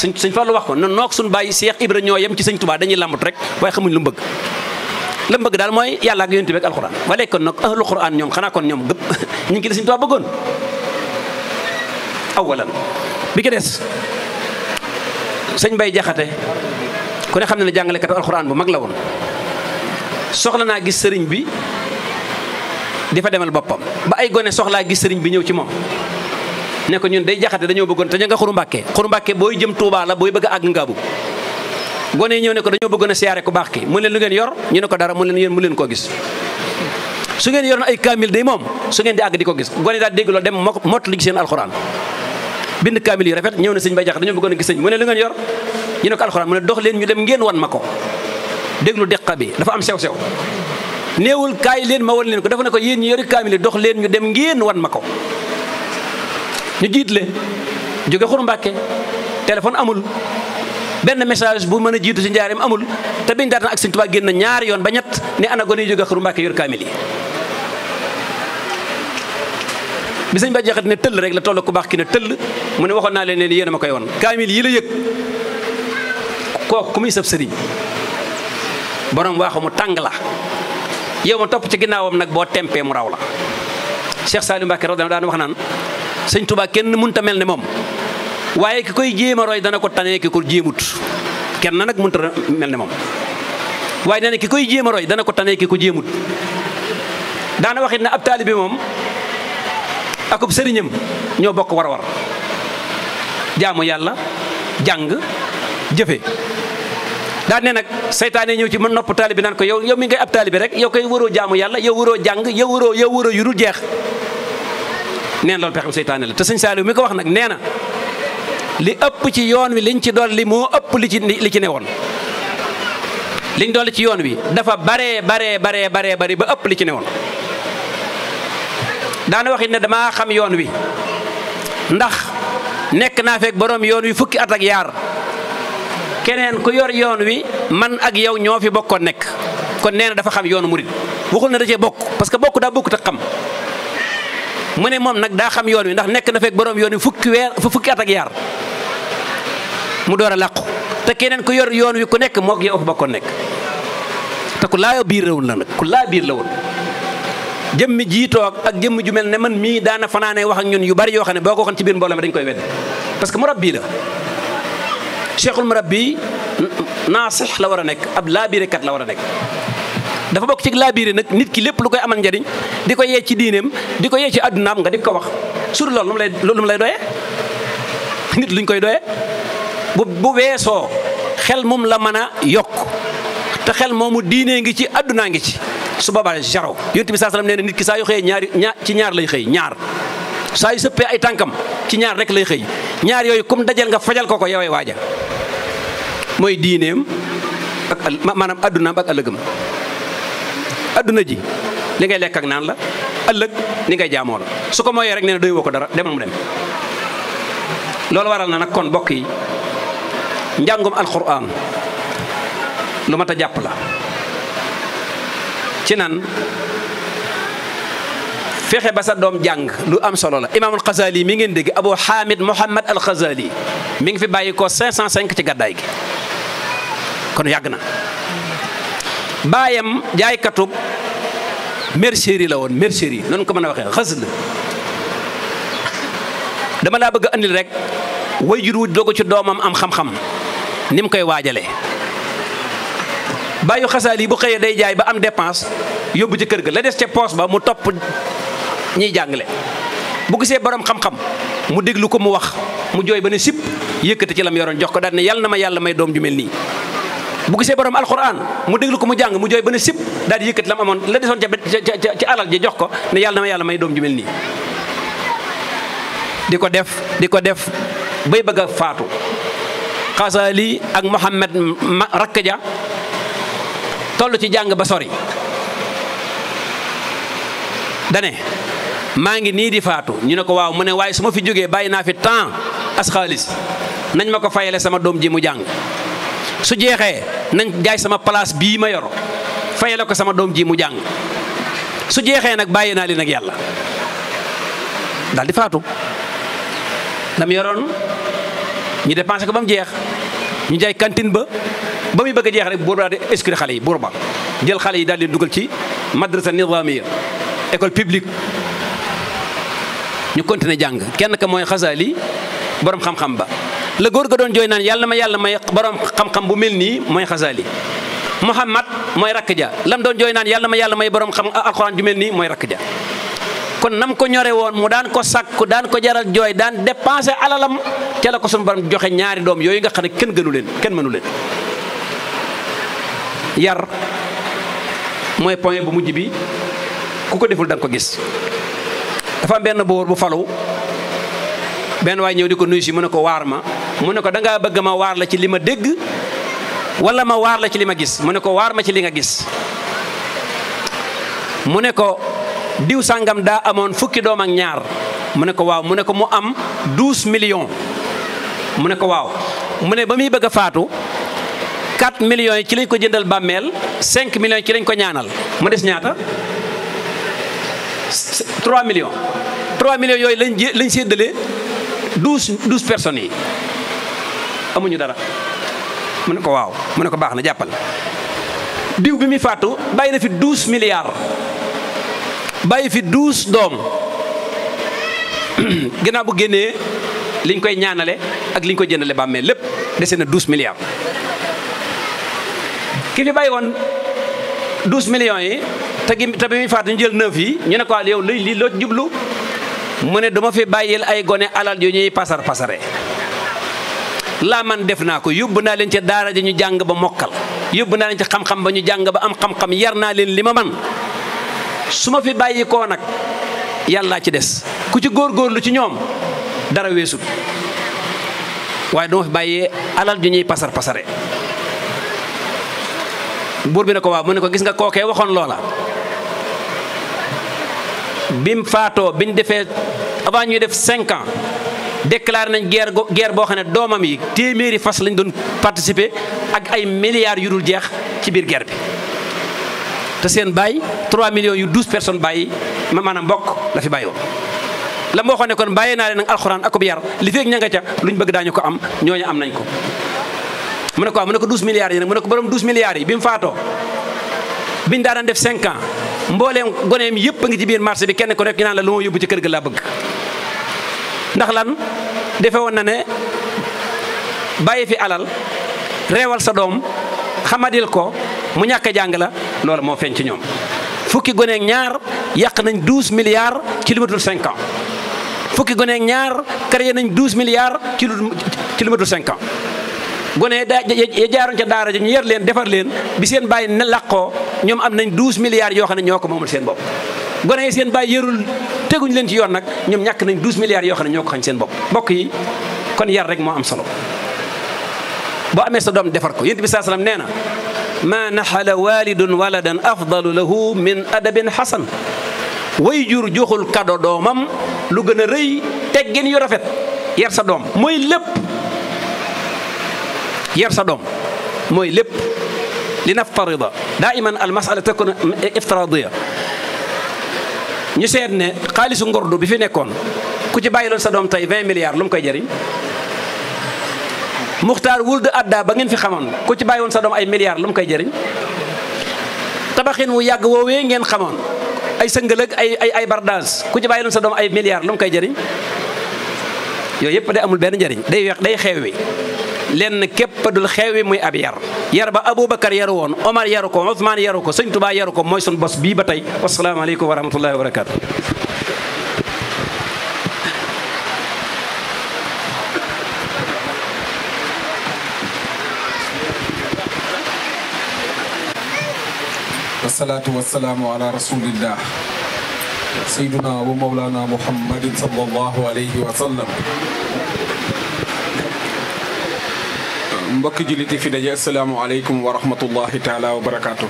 sëñ sëñ Fallu wax ko nook suñ baa Seex Ibra ñoo yem ci sëñ tubaa dañuy làmbatu rek waaye xamuñ lu mu bëgg la mu daal mooy yàlla ak yonent bi ak alxuraan wala kon nag ahlu quran ñoom xanaa kon ñoom gëpp ñu ngi ki la sëñ tubaa bi ki des sëñ Bay Jaxate ku ne xam ne ne jàngalekat alxuraan bu mag la woon soxla naa gis sëriñ bi di fa demal boppam ba ay gone soxlaa gis sëriñ bi ñëw ci moom ne ñun day jaxate dañoo bëggoon te ña nga booy jëm Touba la booy bëgg a àgg ngaabu gone ñëw ne ko dañoo bëggoon a siyaare ku baax ki mu leen lu ngeen yor ñu ne ko dara mu leen yéen mu leen koo gis su ngeen yor kaamil day moom su ngeen di àgg di ko gis gone daal dégg loolu dem mott li seen alxuraan bind kaamil yu rafet ñëw ne sëñ bay jaxate dañoo bëggoon a gis sëñ mu ne lu ngeen yor ñu ne ko dox leen ñu dem ngeen wan ma ko déglu deqa bi dafa am sew-sew néewul kaay leen ma leen ko dafa ne ko yéen ñu yori kaamil yi dox leen ñu dem ngeen wan ma ko ñu jiit le jóge xuru mbàkke téléphone amul benn message bu mën a jiitu ci njaareem amul te biñ daataan ak Sëñ Tuubaa génn ñaar yoon ba ñett ni ana gone yi jóge xuru mbàkke kaamil yi ba jaxat ne tëll rek la toll ku baax ki tëll mu ne waxoon naa leen ne a koy won kaamil yi la yëg kooku muy sëf sëriñ borom waaxu mu tàng la yow ma topp ci ginnaawam nag boo tempee mu raw la Cheikh Saliou Mbacke radiyallahu daan wax naan sëñ tubaa kenn mun a mel ne moom waaye ki koy jéemarooy dana ko tane ki ko jéemut kenn nag mënut mel ne moom. waaye nee na ki koy jéem dana ko tane ki ko jéemut daana waxit na ab taalibe moom akub sëriñam ñoo bokk war-war jaamu yàlla jàng jëfe daa nag seytaane ñëw ci mën nopp taalibe naan ko yow yow mi ngay ab taalibe rek yow koy waroo jaamu yàlla yow waroo jàng yow waroo yow waroo yu jeex. neen loolu pexem seytaane la te sëñ mi ko wax nag nee li ëpp ci yoon wi liñ ci dolli moo ëpp li ci li ci ne woon liñ dolli ci yoon wi dafa bare bare bare baree bari ba ëpp li ci ne woon daana waxit ne damaa xam yoon wi ndax nekk naa feek boroom yoon wi fukki at ak yaar keneen ku yor yoon wi man ak yow ñoo fi bokkoon nekk kon nee dafa xam yoonu murid waxul na da bokk parce bokk daa bokk te xam mu ne moom nag daa xam yoon wi ndax nekk na fekk boroom yoon wi fukki weer fukki at ak yaar mu door a làqu te keneen ku yor yoon wi ku nekk moog yow bokkoon nekk te laa biir la woon la laa biir la woon jëmmi toog ak jëmmi ju mel ne man mii daana fanaane wax ak ñun yu bari yoo xam ne boo ko waxoon ci biir mbooloo mi dañ koy wedd parce que murabbi la cheikhul murabbi naasix la war a nekk ab laabirekat la war a nekk dafa bokk ci laabiire nag nit ki lépp lu koy amal njariñ di ko yee ci diineem di ko yee ci addunaam nga di ko wax sur loolu lu mu lay loolu mu doyee nit luñ koy doyee bu bu weesoo xel moom la mën a yokk te xel moomu diinee ngi ci addunaa ngi ci su boobaa jaro yonent bi saa salaam nee na nit ki saa yu xëyee ñaari ñaar ci ñaar lay xëy ñaar saa yu sëppee ay tànkam ci ñaar rek lay xëy ñaar yooyu comme dajal nga fajal ko ko yowee waaja mooy diineem ak maanaam addunaam ak ëllëgam adduna ji li ngay lekk ak naan la ëllëg li ngay jaamoo la su ko mooyee rek nee na woo ko dara demal mu dem loolu waral na nag kon bokk yi njàngum alquran lu mat a jàpp la ci nan fexe ba sa doom jàng lu am solo la imaamul Xasaali mi ngeen dégg Abu Hamid Muhammad al Xasaali mu ngi fi bàyyi ko 505 ci gàddaay gi kon yàgg na baayam jaaykatub mercerie la woon mercerie noonu ko mën a waxee xës dama laa bëgg a andil rek wayjur wu dogu ci doomam am xam-xam ni mu koy waajalee bàyyu xasaal yi bu xëyee day jaay ba am dépense yóbbu ca kër ga la des ca poos ba mu topp ñiy jàngale bu gisee borom xam-xam mu déglu ko mu wax mu jooy ba ne sip yëkkati ci lam yoroon jox ko daal ne yàlla na ma yàlla may doom ju mel nii bu gisee borom alquran mu déglu ko mu jàng mu jooy ba ne sip daal di yëkkat la mu amoon la desoon ca ci alal ji jox ko ne yàlla na yàlla may doom ju mel nii. di ko def di ko def bay bëgg faatu xasaali ak Mouhamed rakk ja toll ci jàng ba sori dane maa ngi nii di faatu ñu ne ko waaw mu ne waaye su ma fi jógee bàyyi naa fi temps as nañ ma ko fayale sama doom ji mu jàng su jeexee nañ jaay sama place bii ma yoro yor la ko sama doom ji mu jàng su jeexee nag bàyyi naa leen nag yàlla daal di faatu lam yoroon ñu dépensé ko ba mu jeex ñu jaay cantine ba ba muy bëgg a jeex rek buur daal di inscrire xale yi buur ba jël xale yi daal di dugal ci madrasa nizamiya école publique ñu continuer jàng kenn ka mooy xasaali borom xam-xam ba la góor ga doon jooy naan yàlla ma yàlla may borom xam-xam bu mel nii mooy xasaali Muhammad mooy rakk ja lam doon jooy naan yàlla ma yàlla may borom xam ah, alxuraan ju mel nii mooy rakk ja kon nam ko ñore woon mu daan ko sàkku daan ko jaral jooy daan dépensé alalam ca la ko sunu borom joxe ñaari doom yooyu nga xam kenn gënu leen kenn mënu leen yar mooy point bu mujj bi ku ko deful da nga ko gis dafa am boor bu falu benn waay ñëw di ko nuyu si mu ne ko waar ma mu ne ko danga ngaa bëgg ma waar la ci li ma dégg wala ma waar la ci li ma gis mu ne ko waar ma ci li nga gis mu ne ko diw sàngam daa amoon fukki doom ak ñaar mu ne ko waaw mu ne ko mu am douze millions mu ne ko waaw mu ne ba muy bëgg a faatu 4 millions yi ci lañ ko jëndal bàmmeel 5 millions ci lañ ko ñaanal ma des ñaata 3 million 3 millions yooyu lañ lañ séddale douze douze yi amuñu dara mu ne ko waaw mu ne ko baax na jàppal diw bi muy faatu bàyyi na fi douze milliards bàyyi fi doom gannaaw bu génnee liñ koy ñaanale ak liñ ko jëndale bàmmeel lépp dese na douze milliards ki fi bàyyi woon douze million yi te gi te bi muy faatu ñu jël neuf yi ñu ne ko ah, yow lii lii loo jublu mu ne duma fi bàyyil ay gone alal yu ñuy pasar pasare laa man def naa ko yóbbu naa leen ci daara ji ñu jàng ba mokkal yóbbu naa leen ci xam-xam ba ñu jàng ba am xam-xam yar naa leen li ma man su ma fi bàyyi koo nag yàllaa ci des ku ci góor góorgóorlu ci ñoom dara weesut waaye duma fi bàyyee alal ju ñuy pasar pasare buur bi ne ko waaw mu ne ko gis nga kookee waxoon loola bi mu faatoo bi ñu defee avant ñuy def cinq ans déclaré nañ guerre guerre boo xam ne doomam yi téeméeri fas lañ doon participer ak ay milliards yu dul jeex ci biir guerre bi. te seen baay 3 millions yu 12 personnes bàyyi ma maanaam mbokk la fi bàyyi woon la moo xam ne kon bàyyi naa leen ak alxuraan akub yar li feeg ña nga lu ñu bëgg daañu ko am ñooñu am nañ ko. mu ne ko waaw mu ne ko 12 milliards yi nag ne ko borom 12 milliards yi bi mu faatoo biñ def 5 mbooleem goneem yëpp a ngi ci biir marché bi kenn ku nekk ñu naan la lu ma yóbbu ci kër ga laa bëgg ndax lan defe woon na ne bàyyi fi alal reewal sa doom xamadil ko mu ñàkk a jàng la loolu moo feeñ ci ñoom fukki goneeg ñaar yàq nañ 12 milliards ci lu fukki goneeg ñaar créé nañ 12 milliards ci lu ci lu matul 5 ans gone daa ya jaaroon ca daara ja ñu yar leen defar leen bi seen bàyyi ne làqoo ñoom am nañ 12 milliards yoo xam ne ñoo ko moomul seen bopp gone seen baa yërul teguñ leen ci yoon nag ñoom ñàkk nañ 12 milliards yoo xam ne ñoo ko xañ seen bopp mbokk yi kon yar rek moo am solo boo amee sa doom defar ko yonent bi sa salaam nee na ma naxala walidun waladan afdalu lahu min adabin xasan way jur joxul kado doomam lu gën a rëy teggin yu rafet yar sa doom mooy lépp yar sa doom mooy lépp لنفترض دائما المسألة تكون افتراضية ñu seet ne xaalisu ngordu bi fi nekkoon ku ci bàyyi loon sa doom tey 20 milliards lu mu koy jariñ muxtaar wuldu adda ba ngeen fi xamoon ku ci bàyyi sa doom ay milliards lu mu koy jëriñ tabaxin wu yàgg woowee ngeen xamoon ay sëngalëg ay ay ay bardage ku ci bàyyi loon sa doom ay milliards lu koy jariñ yooyu yëpp day amul benn njëriñ day weex day xeew wi lenn képp dul xewi muy ab yar yar ba Aboubacar yaru woon Omar yaru ko Ousmane yaru ko Sëñ Tuubaa yaru ko mooy sun bos bii ba tey wasalaamaaleykum wa rahmatullahi wa barakaatu. wasalaatu wasalaamu ala rasulillah sayyiduna wa mawlana muhammadin sallallahu alayhi wa sallam mbokki jullit yi fi daje asalaamaaleykum wa rahmatullahi taala wa barakaatu.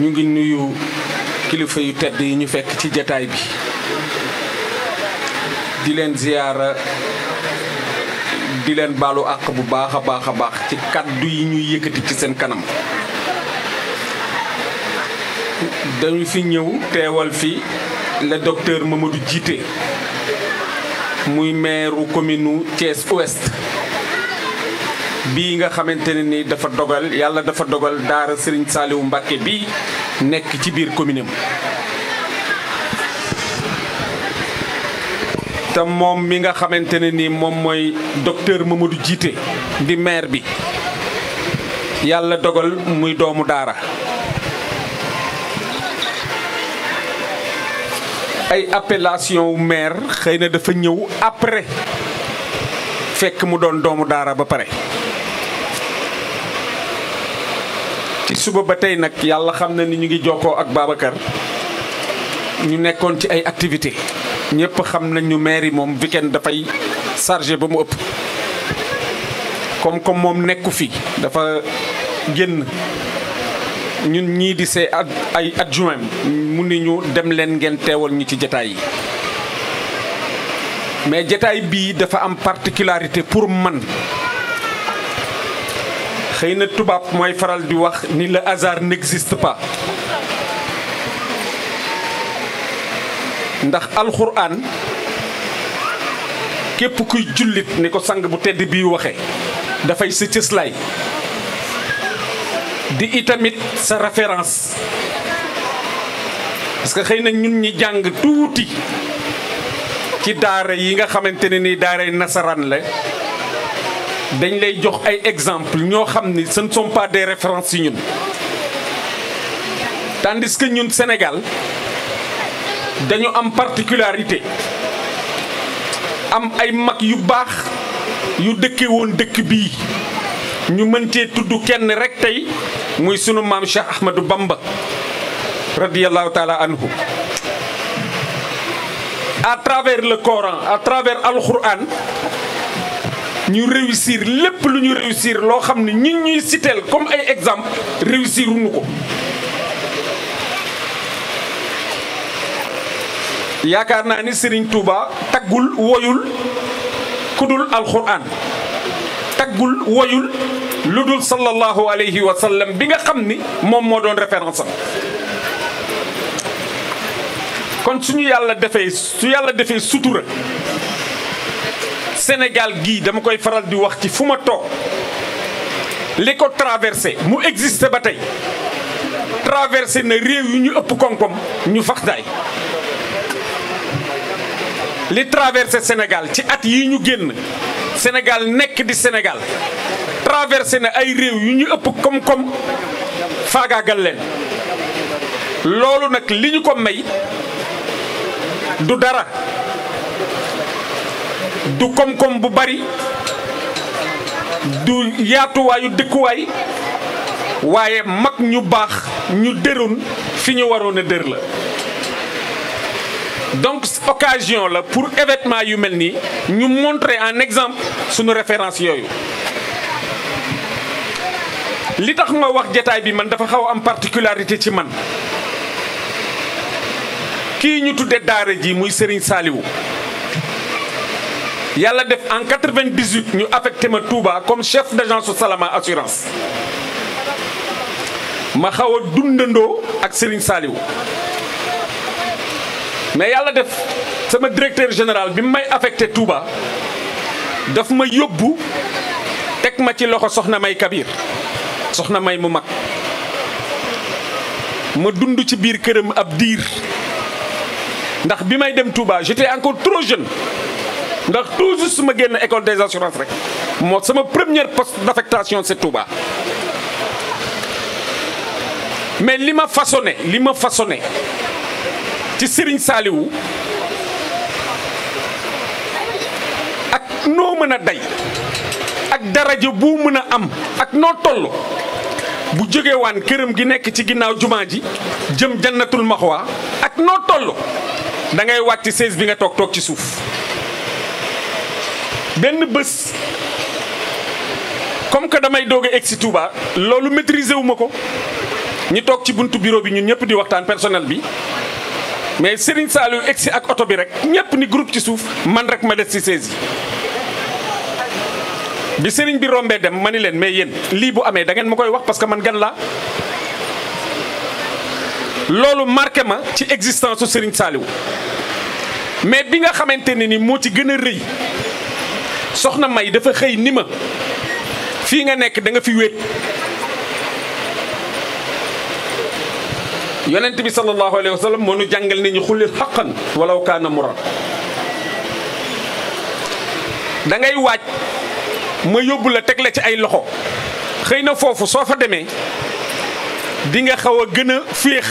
ñu ngi nuyu kilifa yu tedd yi ñu fekk ci jataay bi di leen ziyaara di leen baalu àq bu baax a baax a baax ci kàddu yi ñuy yëkkati ci seen kanam dañu fi ñëw teewal fi le docteur Mamadou jiite muy maire commune Thiès Ouest bii nga xamante ne ni dafa dogal yàlla dafa dogal daara Serigne Saliou Mbacké bi nekk ci biir commune am te moom mi nga xamante ne ni moom mooy docteur Mamadou Djité di maire bi yàlla dogal muy doomu daara ay appellation wu maire xëy na dafa ñëw après fekk mu doon doomu daara ba pare ci suba ba tey nag yàlla xam na ni ñu ngi jokkoo ak Babacar ñu nekkoon ci ay activité ñëpp xam nañu maire yi moom weekend dafay chargé ba mu ëpp comme comme moom nekku fi dafa génn ñun ñii di se ak ay adjoint mu ni ñu dem leen ngeen teewal ñu ci jataay yi mais jataay bii dafa am particularité pour man xëy na tubaab mooy faral di wax ni la hasard n'existe pas ndax alxuraan képp kuy jullit ni ko sang bu tedd bii waxe dafay sa cëslaay di itamit sa référence parce que xëy na ñun ñi jàng tuuti ci daara yi nga xamante ne nii daaray nasaraan la dañ lay jox ay exemple ñoo xam ni seen ne sont pas des références yi ñun tandis que ñun senegal dañu am particularité am ay mag yu baax yu dëkke woon dëkk bii ñu mëntee tudd kenn rek tey muy sunu maam Cheikh Ahmadou Bamba radiyallahu taala anhu à travers le Coran à travers Al-Quran ñu réussir lépp lu ñu réussir loo xam ne ñi ñuy siteel comme ay exemple réussir wuñu ko yaakaar naa ni Serigne Touba taggul woyul kudul Al-Quran tàggul woyul lu dul sallallahu alayhi wa sallam bi nga xam ni moom moo doon référence am kon suñu yàlla defee su yàlla defee sutura senegal gii dama koy faral di wax ci fu ma toog li ko traversé mu existe ba tey traversé na réew yu ñu ëpp koom-koom ñu faxtaay li traversé senegal ci at yi ñu génn Sénégal nekk di senegal traversé na ay réew yu ñu ëpp koom-koom faagaagal leen loolu nag li ñu ko may du dara du koom bu bari du yaatuwaayu dëkkuwaay waaye mag ñu baax ñu dërun fi ñu waroon a dër la donc occasion la pour événement yu mel nii ñu montrer en exemple suñu référence yooyu li tax ma wax jataay bi man dafa xaw am particularité ci man kii ñu tudde daara ji muy Serigne Saliou yàlla def en 98 ñu affecté ma Touba comme chef d'agence su Salama assurance ma xaw a dundandoo ak Serigne Saliou mais yàlla def sama directeur général bi may affecté Touba daf ma yóbbu teg ma ci loxo soxna May Kabir soxna May mu mag ma dund ci biir këram ab diir ndax bi may dem Touba j'étais encore trop jeune ndax tout juste ma génn école des assurances rek moo sama première poste d'affectation c'est Touba mais li ma façonné li ma façonné ci Serigne Saliou ak noo mën a day ak daraja bu mën a am ak noo toll bu jóge waan këram gi nekk ci ginnaaw jumaa ji jëm jannatul maxwa ak noo toll da ngay wàcc sées bi nga toog toog ci suuf benn bés comme que damay doog a egg si Touba loolu maîtriser wu ma ko ñu toog ci buntu bureau bi ñun ñëpp di waxtaan personnel bi mais Serigne Saliou egsi ak oto bi rek ñëpp ni groupe ci suuf man rek ma des ci saisi bi sëriñ bi rombee dem ma ni leen mais yéen lii bu amee da ngeen ma koy wax parce que man gan laa loolu marqué ma ci existence su Serigne Saliou mais bi nga xamante ne ni moo ci gën a rëy soxna May dafa xëy ni ma fii nga nekk danga fi wéet. yonent bi sallallahu alayhi wa sallam moo jàngal ne ñu xulil xaqan walaw kaana mura da ngay waaj ma yóbbu la teg la ci ay loxo xëy na foofu soo fa demee di nga xaw a gën féex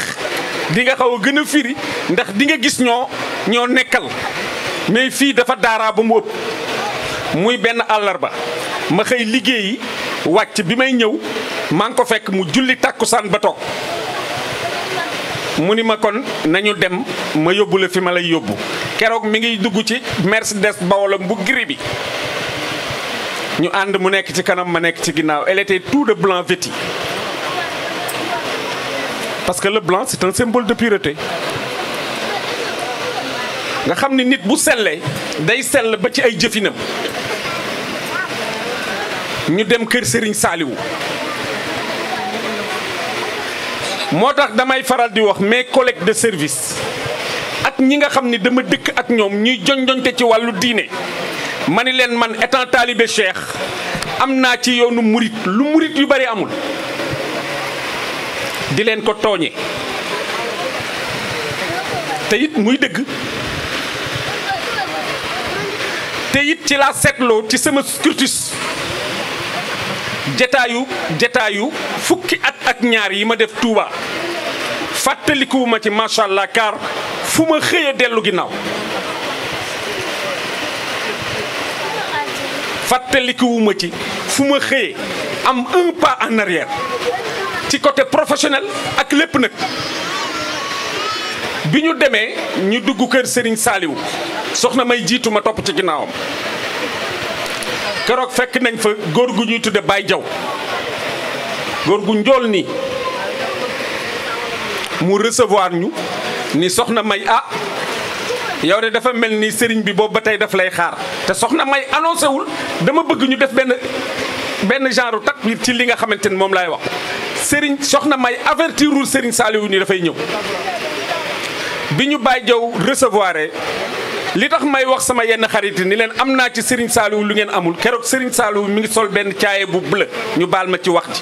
di nga xaw a gën a firi ndax di nga gis ñoo ñoo nekkal mais fii dafa daaraa ba mu ëpp muy benn àllarba ma xëy liggéeyi wàcc bi may ñëw maa ngi ko fekk mu julli tàkkusaan ba toog mu ni ma kon nañu dem ma yóbbule fi ma lay yóbbu keroog mi ngi dugg ci Mercedes bawolam bu gris bi ñu ànd mu nekk ci kanam ma nekk ci ginnaaw elle était tout de blanc vêtue parce que le blanc c'est un symbole de pureté nga xam ni nit bu sellee day sell ba ci ay jëfinam ñu dem kër Serigne Saliou moo tax damay faral di wax mais collègues de service ak ñi nga xam ni dama dëkk ak ñoom ñuy jonjonte ci wàllu diine ma ni leen man étant talibé cheikh am naa ci yoonu murit lu murit yu bari amul di leen ko tooñe te muy dëgg te it ci laa seetloo ci sama scrutus jataayu jataayu fukki at ak ñaar yi ma def Touba fàttalikuwuma ci macha allah car fu ma xëyee dellu ginnaaw fàttalikuwuma ci fu ma xëyee am un pas en arrière ci côté professionnel ak lépp nag bi ñu demee ñu dugg kër Serigne Saliou soxna may jiitu ma topp ci ginnaawam keroog fekk nañ fa góor gu ñuy tudde Baye Jaw góor gu njool nii mu resevoir ñu ni soxna May ah yow de dafa mel ni sëriñ bi boobu ba tey daf lay xaar te soxna May annoncé wul dama bëgg ñu def benn benn genre takbir ci li nga xamante ni moom laay wax sëriñ soxna May avertirul sëriñ Saliou ni dafay ñëw bi ñu Baye Jaw recevoir li tax may wax sama yenn xarit yi ni leen am naa ci Serigne Saliou lu ngeen amul keroog Serigne Saliou mi ngi sol benn caaye bu bleu ñu baal ma ci wax ji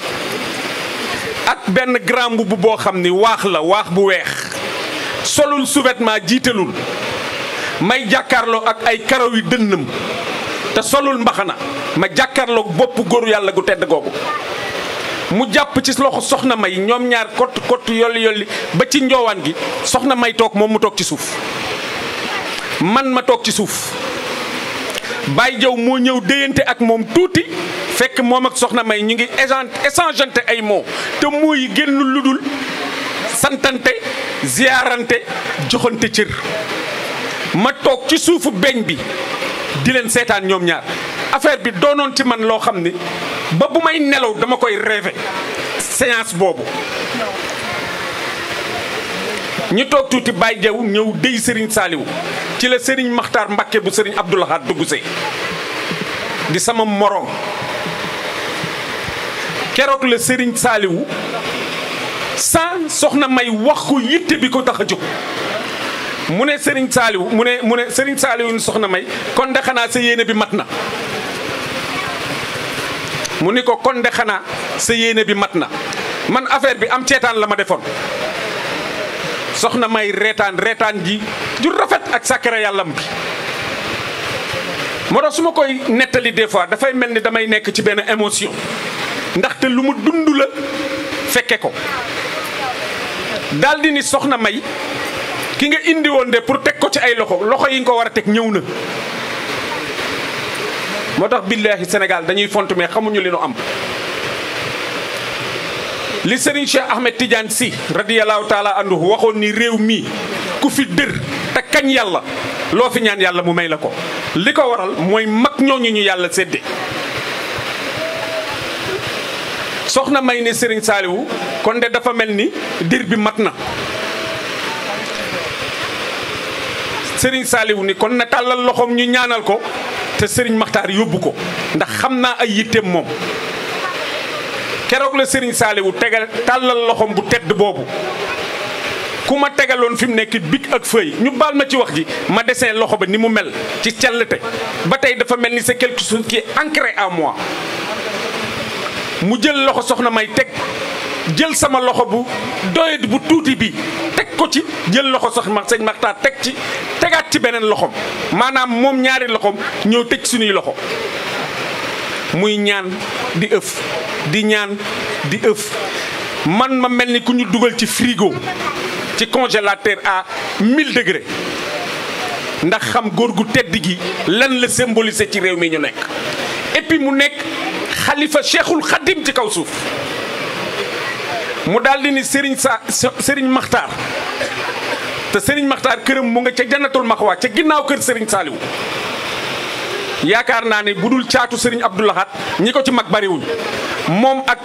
ak benn grand bu boo xam ni waax la waax bu weex solul sous-vêtement jiitalul may jàkkaarloo ak ay karaw yu dënnam te solul mbaxana ma jàkkaarloo bopp góor yàlla gu tedd googu mu jàpp ci loxo soxna may ñoom ñaar kott kott yolli yolli ba ci njoowaan gi soxna may toog moom mu toog ci suuf man ma toog ci suuf baay Diaw moo ñëw déyante ak moom tuuti fekk moom ak soxna May ñu ngi échangeante ay mots te mots génn lu dul santante ziyaarante joxante cër ma toog ci suufu beñ bi di leen seetaan ñoom ñaar affaire bi doonoon ci man loo xam ne ba bu may nelaw dama koy rêver séance boobu ñu toog tuuti Baye Diaw ñëw déy Serigne Saliou ci la sëriñ Makhtar Mbacké bu sëriñ Abdou Lahad dugg si di sama morom keroog la sëriñ saaliwu sans soxna may wax ko yitte bi ko tax a jóg mu ne sëriñ saaliwu mu ne mu ne Serigne Saliou soxna may kon de xanaa sa yéene bi mat na. mu ni ko kon de xanaa sa yéene bi mat na man affaire bi am ceetaan la ma defoon. soxna may reetaan reetaan ji ju rafet ak sàkkara yàllam bi moo tax su ma koy nettali des fois dafay mel ni damay nekk ci benn émotion ndaxte lu mu dund la fekke ko daldi ni soxna may ki nga indi woon de pour teg ko ci ay loxo loxo yi nga ko war a teg ñëw na moo tax billaahi Sénégal dañuy font mais xamuñu li nu am li Serigne Cheikh Ahmed Tidiane si radiyallahu taala andu waxoon ni réew mi ku fi dër te kañ yàlla loo fi ñaan yàlla mu may la ko li ko waral mooy mag ñooñu ñu yàlla sedde soxna may ne sëriñ Saliou kon de dafa mel ni dir bi mat na sëriñ Saliou ni kon na tàllal loxoom ñu ñaanal ko te Serigne Maxtaar yóbbu ko ndax xam naa ay yitteem moom keroog la Serigne wu tegal tàllal loxoom bu tedd boobu ku ma tegaloon fi mu nekk bic ak feuille ñu baal ma ci wax ji ma dessin loxo ba ni mu mel ci càllate ba tey dafa mel ni sa quelque chose qui est ancré à moi mu jël loxo soxna may teg jël sama loxo bu doyet bu tuuti bi teg ko ci jël loxo soxna sëñ Maxtaar teg ci tegaat ci beneen loxom maanaam moom ñaari loxoom ñëw tëj suñuy loxo muy ñaan di ëf di ñaan di ëf man ma mel ni ku ñu dugal ci frigo ci congélateur à 1000 degrés ndax xam góor gu tedd gi lan la symboliser ci réew mi ñu nekk et mu nekk xalifa cheikhul xadim ci kaw suuf mu daal di ni Serigne sa Serigne Maxtaar te Serigne Maxtaar këram mu nga ca jannatul maxwaa ca ginnaaw kër Serigne Saliou yaakaar naa ne bu dul caatu sëriñ Abdou Lahad ñi ko ci mag bariwuñ moom ak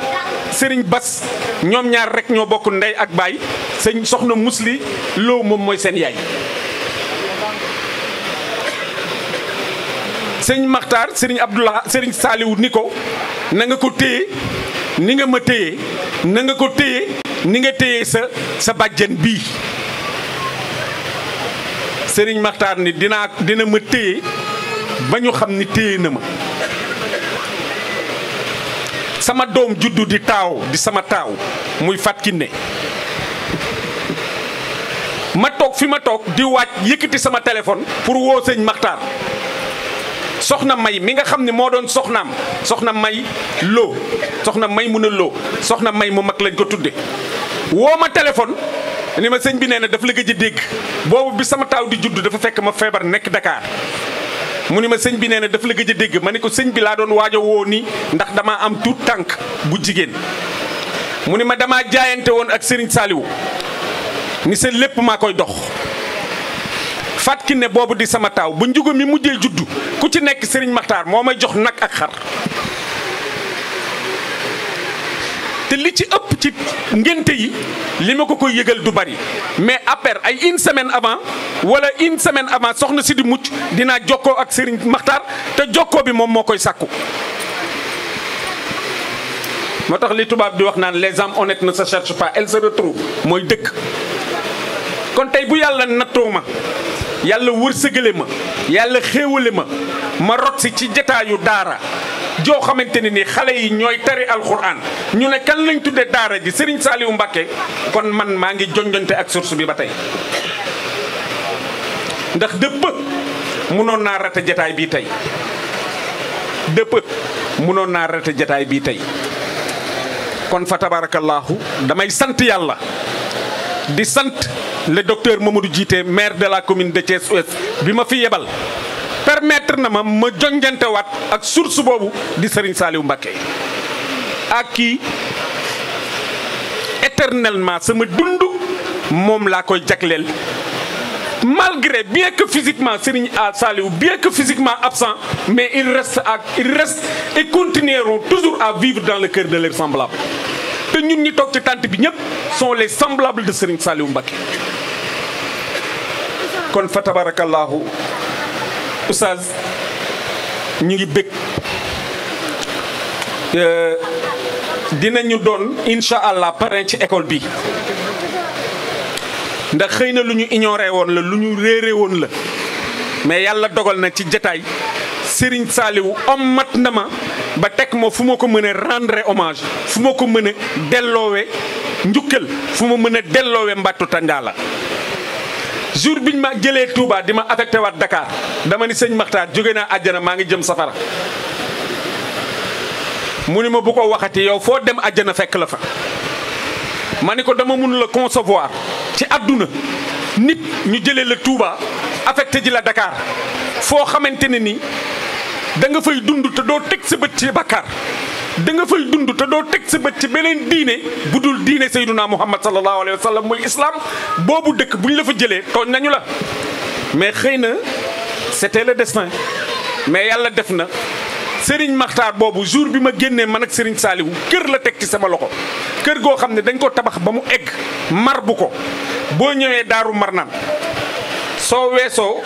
sëriñ Bas ñoom ñaar rek ñoo bokk ndey ak baay sëñ soxna Musli Lo moom mooy seen yaay. sëñ Maxtaar sëriñ Abdou Lahad Serigne Saliou ni ko na nga ko téye ninga nga téye na nga ko téye ni nga téye sa sa bàjjen bii sëriñ Maxtaar ni dina dina ma téye. ba ñu xam ni téye na ma sama doom juddu di taaw di sama taaw muy Fatou Kiné ma toog fi ma toog di waaj yëkkati sama téléphone pour woo sëñ Maxtaar soxna May mi nga xam ne moo doon soxnaam soxna May loo soxna May mu ne loo soxna May mu mag lañ ko tudde woo ma téléphone ni ma sëñ bi nee na daf la gëj a dégg boobu bi sama taaw di juddu dafa fekk ma feebar nekk Dakar mu ni ma sëñ bi nee na daf la gëj a dégg ma ni ko sëñ bi laa doon waajo woo ni ndax damaa am tuut tànk bu jigéen mu ni ma damaa jaayante woon ak Serigne Saliou ni sa lépp maa koy dox Faat ne boobu di sama taaw bu njugo mi mujjee juddu ku ci nekk sëriñ Maxtaar moo may jox nag ak xar te li ci ëpp ci ngénte yi li ma ko koy yëgal du bari mais après ay une semaine avant wala une semaine avant soxna si di mucc dinaa jokkoo ak Serigne Makhtar te jokkoo bi moom moo koy sàkku moo tax li tubaab di wax naan les âmes honnêtes ne se cherchent pas elles se mooy dëkk kon tey bu yàlla nattoo ma yàlla wërsëgale ma yàlla xéewale ma ma rot si ci jataayu daara joo xamante ne nii xale yi ñooy tari alxuraan ñu ne kan lañ tuddee daara ji Serigne Saliou Mbacké kon man maa ngi jonjonte ak source bi ba tey ndax dëpp mënoon naa rate jataay bii tey dëpp mënoon naa rate jataay bii tey kon fa tabaarakallaahu damay sant yàlla di sant le docteur Mamadou Djité maire de la commune de Thiès Ouest bi ma fi yebal permettre na ma ma waat ak source boobu di Serigne Saliou Mbacké ak kii éternellement sama dund moom laa koy jagleel malgré bien que physiquement Serigne Saliou bien que physiquement absent mais il reste à il reste et continueront toujours à vivre dans le cœur de leurs semblables te ñun ñi toog ci tànt bi ñëpp sont les semblables de Serigne Saliou Mbacké kon fa tabarakallahu oustaz ñu ngi bëgg euh, dinañu doon incha allah parrain ci école bi ndax xëy na lu ñu ignoré woon la lu ñu réeré woon la mais yàlla dogal na ci jataay Serigne Saliou om mat na ma ba teg ma fu ma ko mën a rendre hommage fu ma ko mën a delloowe njukkal fu ma mën a delloowe mbattu tandaala jour biñ ma jëlee tuubaa di ma affecté waat Dakar dama ni sëñ Maxtaar jóge naa àjjana maa ngi jëm safara mu ni ma bu ko waxati yow foo dem àjjana fekk la fa ma ni ko dama mun la ci àdduna nit ñu jëlee la Touba affecté ji la dakaar foo xamante ne ni da nga fay dund te doo teg sa bët ci bakkaar da nga fay dund te doo teg sa bët ci beneen diine bu dul diine sayduna muhammad sallallahu alayhi wa sallam muy islam boobu dëkk bu ñu la fa jëlee tooñ nañu la mais xëy na c'était le destin mais yàlla def na Serigne Maxtaar boobu jour bi ma génnee man ak Serigne Saliou kër la teg ci sama loxo kër goo xam ne dañ ko tabax ba mu egg mar bu ko boo ñëwee daaru mar soo weesoo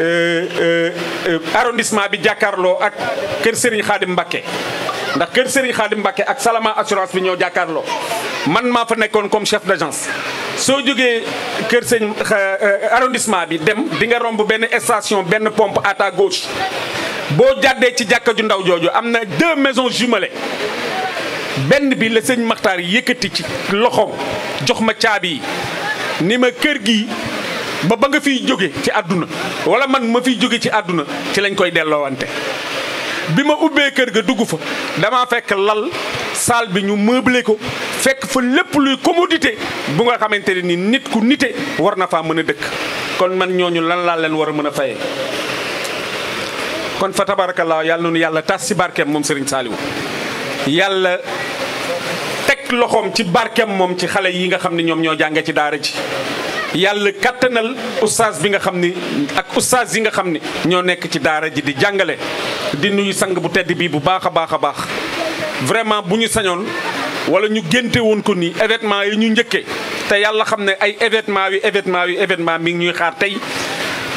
euh, euh, euh, arrondissement bi jàkkaarloo ak kër Serigne Khadim Mbacké ndax kër Serigne Khadim Mbacké ak Salama assurance bi ñoo jàkkaarloo man maa fa nekkoon comme chef d'agence soo jógee kër sëñ arrondissement bi dem di nga romb benn station benn pompe à gauche boo jàddee ci jàkkar ju ndaw jooju am na deux maisons jumelées benn bi la sëñ Maxtaar yëkkati ci loxoom jox ma caabi yi ni ma kër gi ba ba nga fiy jóge ci àdduna wala man ma fiy jóge ci àdduna ci lañ koy delloowante bi ma ubbee kër ga dugg fa damaa fekk lal salle bi ñu mëble ko fekk fa lépp luy commodité bu nga xamante ne ni nit ku nite war na faa mën a dëkk kon man ñooñu lan laa leen war a mën a fayee kon fa tabarakallaa yàlla na yàlla tas ci barkeem moom Serigne Saliou yàlla teg loxoom ci barkem moom ci xale yi nga xam ne ñoom ñoo jànge ci daara ji yàlla kattanal oustaz bi nga xam ni ak oustaz yi nga xam ni ñoo nekk ci daara ji di jàngale di nuyu sang bu tedd bii bu baax a baax a baax vraiment bu ñu sañoon wala ñu génte woon ko nii événement yi ñu njëkkee te yàlla xam ne ay événement yu événement yu événement mi ñuy xaar tey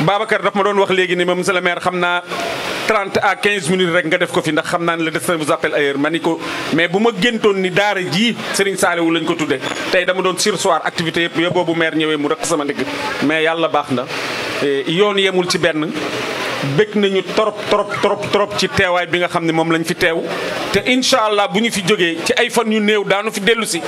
Babacar daf ma doon wax léegi ni ma monsieur le maire xam naa 30 à 15 minutes rek nga def ko fi ndax xam naa ne le destin vous appelle ailleurs ma ni ko mais bu ma géntoon ni daara jii Serigne Saliou lañ ko tudde tey dama doon sursoir activité yëpp yëpp boobu maire ñëwee mu rëkk sama ndigg mais yàlla baax na eh, yoon yemul ci benn. bëgg nañu trop trop trop trop ci teewaay bi nga xam ne moom lañ fi teew te incha allah bu ñu fi jógee ci ay fan yu néew daanu fi dellu si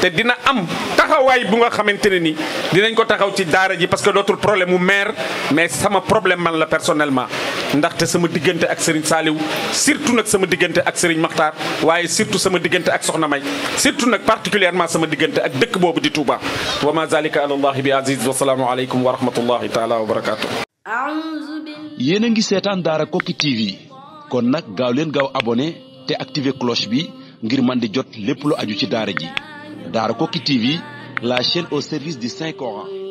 te dina am taxawaay bu nga xamante ne ni dinañ ko taxaw ci daara ji parce que dootul problème mu maire mais sama problème man la personnellement ndaxte sama diggante ak Serigne Saliou surtout nag sama diggante ak sëriñ Makhtar waaye surtout sama diggante ak Soxna May surtout nag particulièrement sama diggante ak dëkk boobu di Touba wa ma zalika ala allahi bi aziz wa salaamu aleykum wa rahmatullahi taala wa yéen a ngi seetaan daara Koki TV kon nag gaaw leen gaaw abonné te activé cloche bi ngir man di jot lépp lu aju ci daara ji daara Koki TV la chaîne au service di Saint Coran